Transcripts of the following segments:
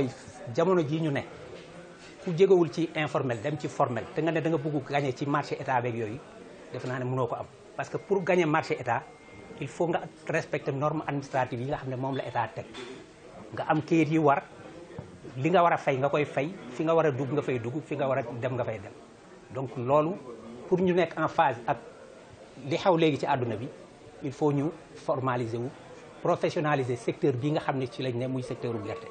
mooy jamono jii ñu ne ku jegewul ci informel dem ci formel te nga ne danga nga bëgg ci marché état beeg yooyu def naa ne mënoo ko am parce que pour gagné marché état il faut nga respecter norme administrative yi nga xam ne moom la état teg nga am kayit yi war li nga war a fay nga koy fay fi nga war a dugg nga fay dugg fi nga war a dem nga fay dem donc loolu pour ñu nekk en phase ak li xew léegi ci àdduna bi il faut ñu formaliser wu professionnaliser secteur bi nga xam ne ci lañ ne muy secteur u gerte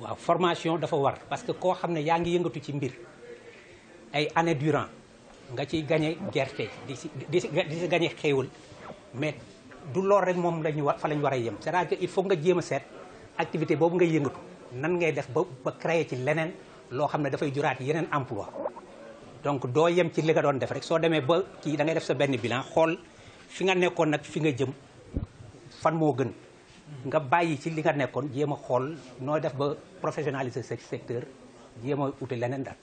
waaw formation dafa war parce que koo xam ne yaa ngi yëngatu ci mbir ay année durant nga ciy gañe gerte di si di si gañe xéewal mais du lool rek moom lañu war fa lañu war a yem cest à il faut nga jéem a seet activité boobu ngay yëngatu nan ngay def ba ba créer ci leneen loo xam ne dafay juraat yeneen emploi donc doo yem ci li nga doon def rek soo demee ba kii da ngay def sa benn bilan xool fi nga nekkoon nag fi nga jëm fan moo gën nga bàyyi ci li nga nekkoon jéem a xool noo def ba professionnaliser ce secteur jéem a uti leneen daal.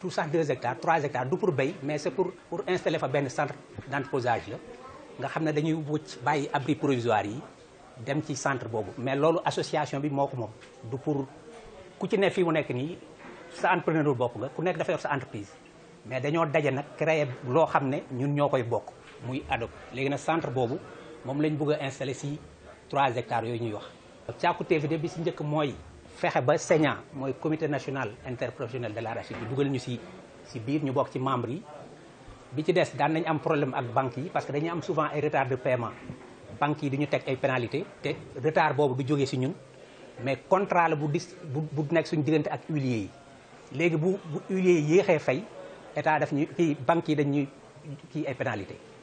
tout ça deux hectares trois hectares du pour béy mais c'est pour pour installer fa benn centre d'entreposage la nga xam ne dañuy wëcc bàyyi abri provisoire yi dem ci centre boobu mais loolu association bi moo ko moom du pour ku ci ne fii mu nekk nii sa entrepreneur bokk nga ku nekk dafa yor sa entreprise mais dañoo daje nag créer loo xam ne ñun ñoo koy bokk muy adop léegi nag centre boobu moom lañ bëgg a installer si 3 hectares yooyu ñuy wax. càkkutee fi de bi si njëkk mooy fexe ba CENA mooy commité national interprofessionnel de l'arachide bi dugal ñu si ci biir ñu bokk ci membre yi bi ci des daan nañ am problème ak banques yi parce que dañu am souvent ay retard de paiement banque yi di ñu teg ay pénalité te retard boobu du jógee si ñun mais contrat la bu dis bu bu nekk suñ diggante ak huiliers yi léegi bu bu huiliers yi yéexee fay état def ñu kii banques yi dañ ñuy kii ay pénalité